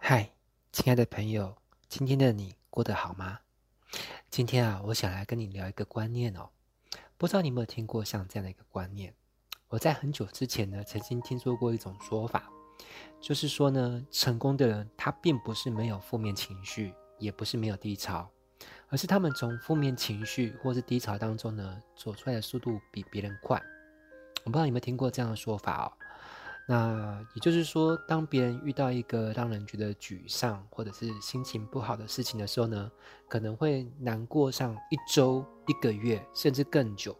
嗨，Hi, 親愛的朋友，今天的你過得好嗎？今天啊，我想來跟你聊一個觀念哦。不知道你有沒有聽過像這樣的一個觀念？我在很久之前呢，曾經聽說過一種說法，就是說呢，成功的人他並不是沒有負面情緒，也不是沒有低潮，而是他們從負面情緒或是低潮當中呢，走出來的速度比別人快。我不知道你有沒有聽過這樣的說法哦。那也就是說，當別人遇到一個讓人覺得沮喪或者是心情不好的事情的時候呢，可能會難過上一周、一個月，甚至更久。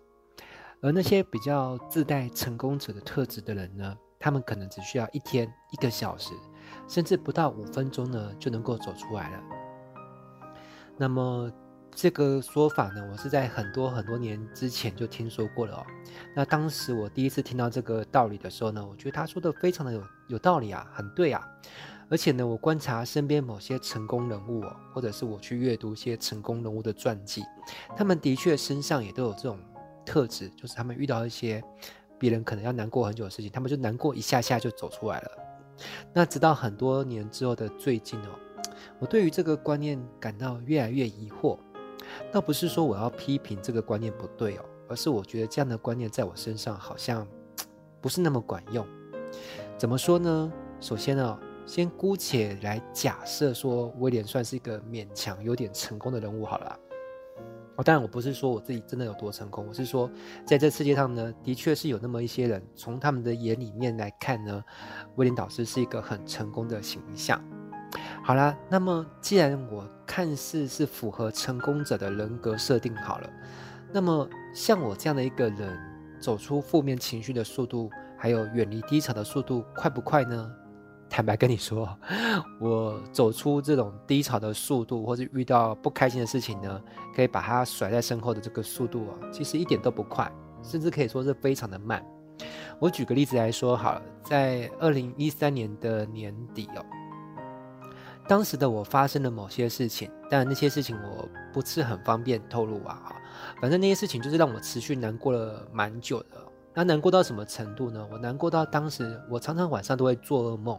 而那些比較自帶成功者的特質的人呢，他們可能只需要一天、一個小時，甚至不到五分鐘呢，就能夠走出來了。那麼，這個說法呢，我是在很多很多年之前就聽說過了哦。那當時我第一次聽到這個道理的時候呢，我覺得他說的非常的有有道理啊，很對啊。而且呢，我觀察身邊某些成功人物哦，或者是我去閱讀一些成功人物的傳記，他們的確身上也都有這種特質，就是他們遇到一些別人可能要難過很久的事情，他們就難過一下下就走出來了。那直到很多年之後的最近哦，我對於這個觀念感到越來越疑惑。倒不是說我要批評這個觀念不對哦，而是我覺得這樣的觀念在我身上好像不是那麼管用。怎麼說呢？首先呢、哦，先姑且來假設說威廉算是一個勉強有點成功的人物好了。哦，當然我不是說我自己真的有多成功，我是說在這世界上呢，的確是有那麼一些人，從他們的眼裡面來看呢，威廉導師是一個很成功的形象。好啦，那麼既然我看似是符合成功者的人格設定好了，那麼像我這樣的一個人，走出負面情緒的速度，還有遠離低潮的速度，快不快呢？坦白跟你說，我走出這種低潮的速度，或是遇到不開心的事情呢，可以把它甩在身後的這個速度啊，其實一點都不快，甚至可以說是非常的慢。我舉個例子來說好了，在二零一三年的年底哦，當時的我發生了某些事情，但那些事情我不是很方便透露啊。反正那些事情就是讓我持續難過了蠻久的。那難過到什麼程度呢？我難過到當時我常常晚上都會做噩夢，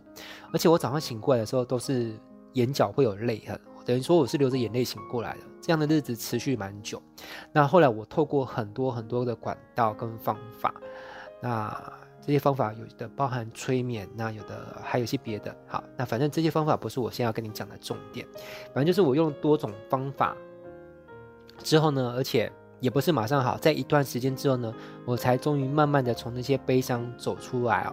而且我早上醒過來的時候都是眼角會有淚痕，等於說我是流着眼淚醒過來的。這樣的日子持續蠻久。那後來我透過很多很多的管道跟方法，那。這些方法有的包含催眠，那有的還有些別的。好，那反正這些方法不是我現在要跟你講的重點，反正就是我用多種方法之後呢，而且也不是馬上好，在一段時間之後呢，我才終於慢慢的從那些悲傷走出來啊、哦。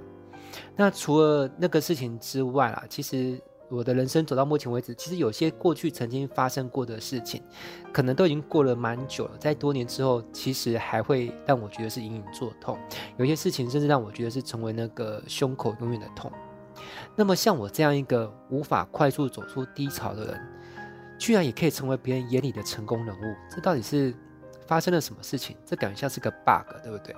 那除了那個事情之外啊，其實。我的人生走到目前為止，其實有些過去曾經發生過的事情，可能都已經過了蠻久了，在多年之後，其實還會讓我覺得是隱隱作痛。有些事情甚至讓我覺得是成為那個胸口永遠的痛。那麼像我這樣一個無法快速走出低潮的人，居然也可以成為別人眼裡的成功人物，這到底是發生了什麼事情？這感覺像是個 bug，對不對？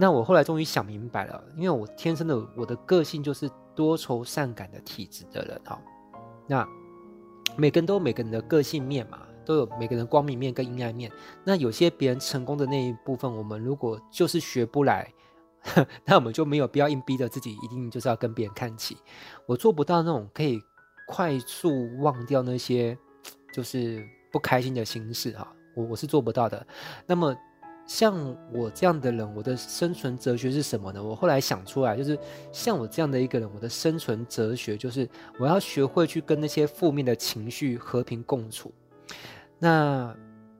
那我後來終於想明白了，因為我天生的我的個性就是多愁善感的體質的人哈、哦。那每個人都有每個人的個性面嘛，都有每個人的光明面跟陰暗面。那有些別人成功的那一部分，我們如果就是學不來，那我們就沒有必要硬逼着自己一定就是要跟別人看齊。我做不到那種可以快速忘掉那些就是不開心的心事哈，我我是做不到的。那麼。像我這樣的人，我的生存哲學是什麼呢？我後來想出來，就是像我這樣的一個人，我的生存哲學就是我要學會去跟那些負面的情緒和平共處。那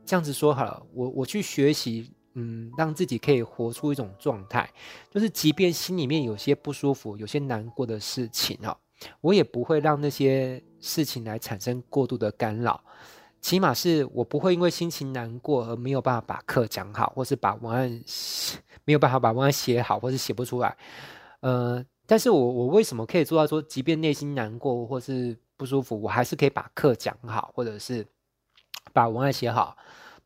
這樣子說好了，我我去學習，嗯，讓自己可以活出一種狀態，就是即便心裡面有些不舒服、有些難過的事情啊、哦，我也不會讓那些事情來產生過度的干擾。起碼是我不會因為心情難過而沒有辦法把課講好，或是把文案沒有辦法把文案寫好，或是寫不出來。呃，但是我我為什麼可以做到說，即便內心難過或是不舒服，我還是可以把課講好，或者是把文案寫好？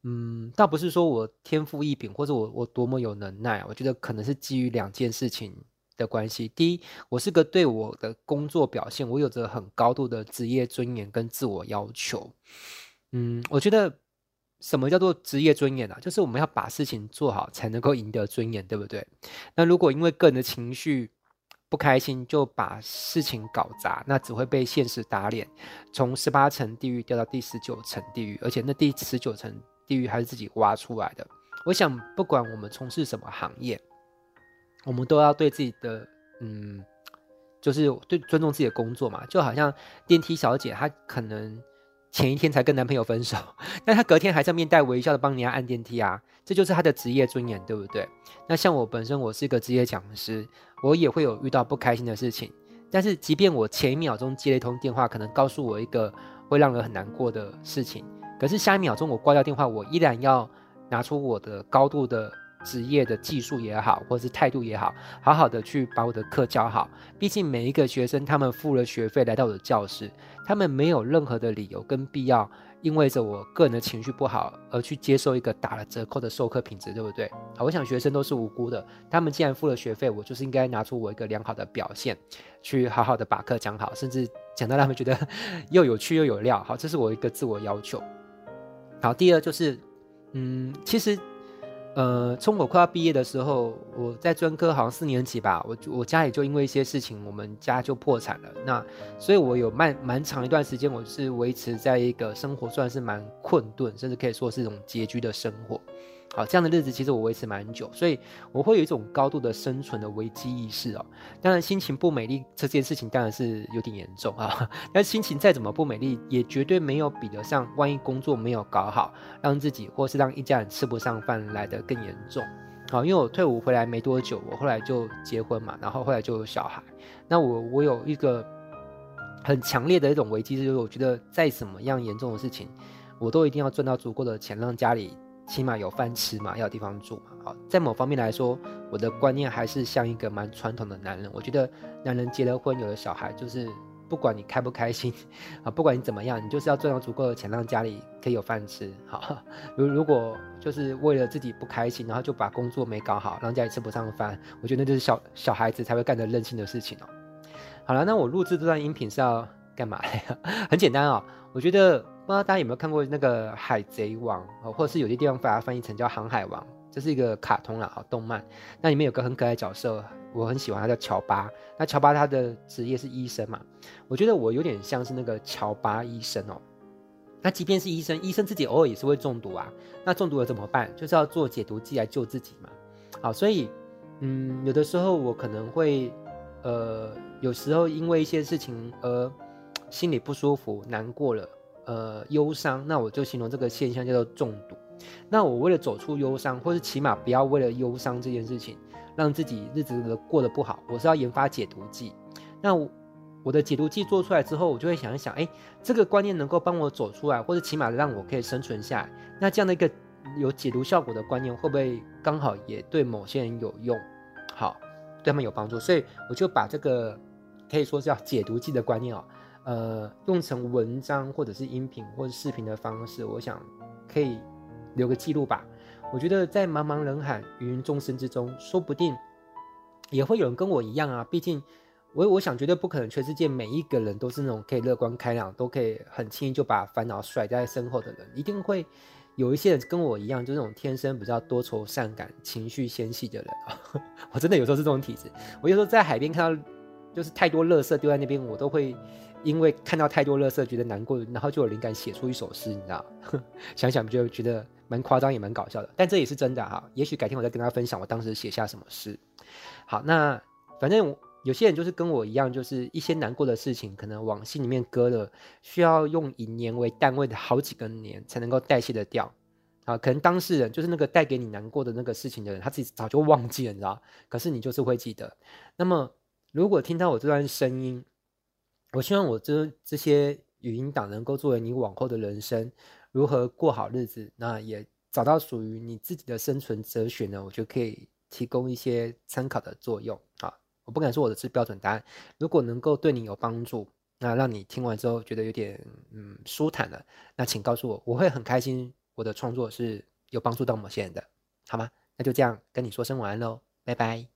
嗯，倒不是說我天賦異稟，或者我我多麼有能耐。我覺得可能是基於兩件事情的關係。第一，我是個對我的工作表現，我有着很高度的職業尊嚴跟自我要求。嗯，我覺得什麼叫做職業尊嚴啊？就是我們要把事情做好，才能夠贏得尊嚴，對不對？那如果因為個人的情緒不開心就把事情搞砸，那只會被現實打臉，從十八層地獄掉到第十九層地獄，而且那第十九層地獄還是自己挖出來的。我想，不管我們從事什麼行業，我們都要對自己的嗯，就是對尊重自己的工作嘛。就好像電梯小姐，她可能。前一天才跟男朋友分手，那他隔天還在面帶微笑的幫人家按電梯啊，這就是他的職業尊嚴，對不對？那像我本身，我是一個職業講師，我也會有遇到不開心的事情，但是即便我前一秒鐘接了一通電話，可能告訴我一個會讓人很難過的事情，可是下一秒鐘我掛掉電話，我依然要拿出我的高度的。職業的技術也好，或者是態度也好，好好的去把我的課教好。畢竟每一個學生，他們付了學費來到我的教室，他們沒有任何的理由跟必要，因為着我個人的情緒不好而去接受一個打了折扣的授課品質，對不對？好，我想學生都是無辜的。他們既然付了學費，我就是應該拿出我一個良好的表現，去好好的把課講好，甚至講到他們覺得又有趣又有料。好，這是我一個自我要求。好，第二就是，嗯，其實。呃，從我快要畢業的時候，我在專科好像四年級吧，我我家也就因為一些事情，我們家就破產了。那所以，我有蠻蠻長一段時間，我是維持在一個生活算是蠻困頓，甚至可以說是一種拮據的生活。好，這樣的日子其實我維持蠻久，所以我會有一種高度的生存的危機意識哦。當然心情不美麗這件事情當然是有點嚴重啊。但心情再怎麼不美麗，也絕對沒有比得上萬一工作沒有搞好，讓自己或是讓一家人吃不上飯來得更嚴重。好，因為我退伍回來沒多久，我後來就結婚嘛，然後後來就有小孩。那我我有一個很強烈的一種危機，就是我覺得再怎麼樣嚴重的事情，我都一定要賺到足夠的錢，讓家裡。起碼有飯吃嘛，要有地方住嘛。好，在某方面來說，我的觀念還是像一個蠻傳統的男人。我覺得男人結了婚，有了小孩，就是不管你開不開心，啊，不管你怎麼樣，你就是要賺到足夠的錢，讓家裡可以有飯吃。好，如如果就是為了自己不開心，然後就把工作沒搞好，讓家裡吃不上飯，我覺得那就是小小孩子才會幹的任性的事情哦、喔。好了，那我錄製這段音頻是要幹嘛？ 很簡單啊、喔，我覺得。不知道大家有沒有看過那個《海賊王》，哦，或者是有些地方把它翻譯成叫《航海王》，這是一個卡通啦，好動漫。那裡面有個很可愛的角色，我很喜歡，他叫喬巴。那喬巴他的職業是醫生嘛？我覺得我有點像是那個喬巴醫生哦、喔。那即便是醫生，醫生自己偶爾也是會中毒啊。那中毒了怎麼辦？就是要做解毒劑來救自己嘛。好，所以，嗯，有的時候我可能會，呃，有時候因為一些事情而心裡不舒服、難過了。呃，憂傷，那我就形容這個現象叫做中毒。那我為了走出憂傷，或是起碼不要為了憂傷這件事情，讓自己日子過得不好，我是要研發解毒劑。那我，我的解毒劑做出來之後，我就會想一想，哎、欸，這個觀念能夠幫我走出來，或者起碼讓我可以生存下來。那這樣的一個有解毒效果的觀念，會不會剛好也對某些人有用？好，對他們有幫助，所以我就把這個可以說叫解毒劑的觀念哦、喔。呃，用成文章或者是音頻或者視頻的方式，我想可以留個記錄吧。我覺得在茫茫人海、芸芸眾生之中，說不定也會有人跟我一樣啊。畢竟我，我想絕對不可能全世界每一個人都是那種可以樂觀開朗、都可以很輕易就把煩惱甩在身後的人。一定會有一些人跟我一樣，就是那種天生比較多愁善感、情緒纖細的人。 我真的有時候是這種體質。我有時候在海邊看到就是太多垃圾丟在那邊，我都會。因為看到太多垃圾，覺得難過，然後就有靈感寫出一首詩，你知道？ 想想就覺得蠻誇張，也蠻搞笑的。但這也是真的哈、啊。也許改天我再跟大家分享我當時寫下什麼詩。好，那反正有些人就是跟我一樣，就是一些難過的事情，可能往心裡面擱了，需要用以年為單位的好幾個年才能夠代謝的掉啊。好，可能當事人就是那個帶給你難過的那個事情的人，他自己早就忘記了，你知道？可是你就是會記得。那麼，如果聽到我這段聲音。我希望我這這些語音檔能夠作為你往後的人生，如何過好日子，那也找到屬於你自己的生存哲學呢，我就可以提供一些參考的作用啊！我不敢說我的是標準答案，如果能夠對你有幫助，那讓你聽完之後覺得有點嗯舒坦了，那請告訴我，我會很開心，我的創作是有幫助到某些人的，好嗎？那就這樣跟你說聲晚安嘍，拜拜。